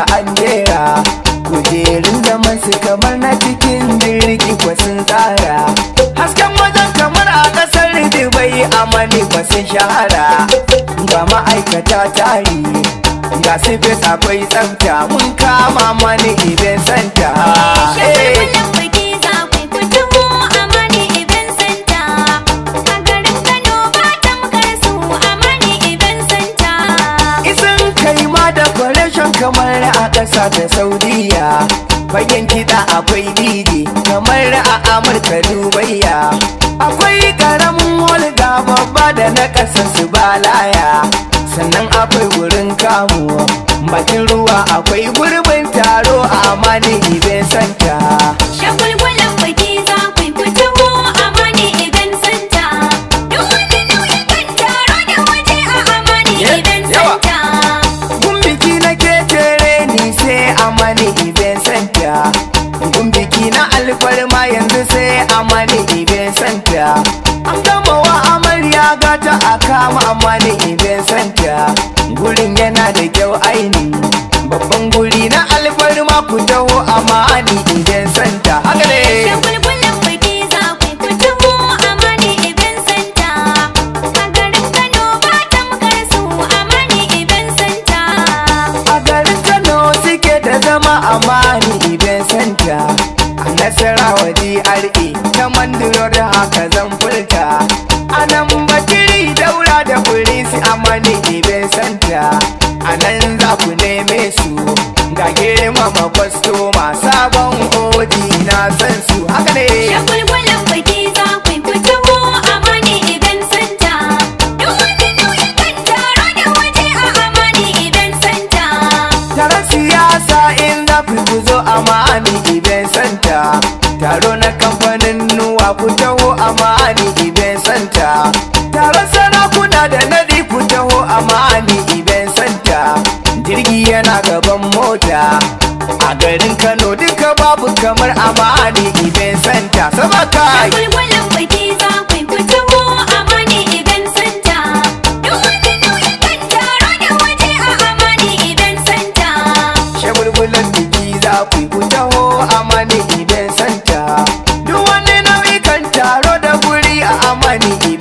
ga andera kujerin kujerun zaman su kamar na cikin jirgi kwa sun tsara hasken wajen kamar a kasar dubai a mani kwa sun shahara ga ma'aikata tari ga sifis akwai tsafta mun kama mani ibe santa kamar a ƙasa ta saudiya bayan kiɗa akwai didi kamar a amurka dubayya akwai ƙaramin holga babba da na ƙasa su balaya sannan akwai wurin kamu bakin ruwa akwai gurbin taro a Amani ibe santa shagulgulan baki za ku santa nau'ikan taro da a amani santa amani iben santa Gun biki na alfarma yanzu sai a mani santa An gama wa amarya gata a kama amani mani santa Gurin yana da kyau aini Babban guri na alfarma ku taho amani mani santa Haka ne! zama amani idan santa a nasara nasarawa DRA ta mandirar haka zan furta a nan daura da polisi amani idan santa anan nan za ku neme su ga girmama kwastoma sabon odi na san su haka ne taho amani iben santa taron sarakuna da nadi ku taho amani iben santa jirgi yana gaban mota a garin kano duka babu kamar amani iben santa money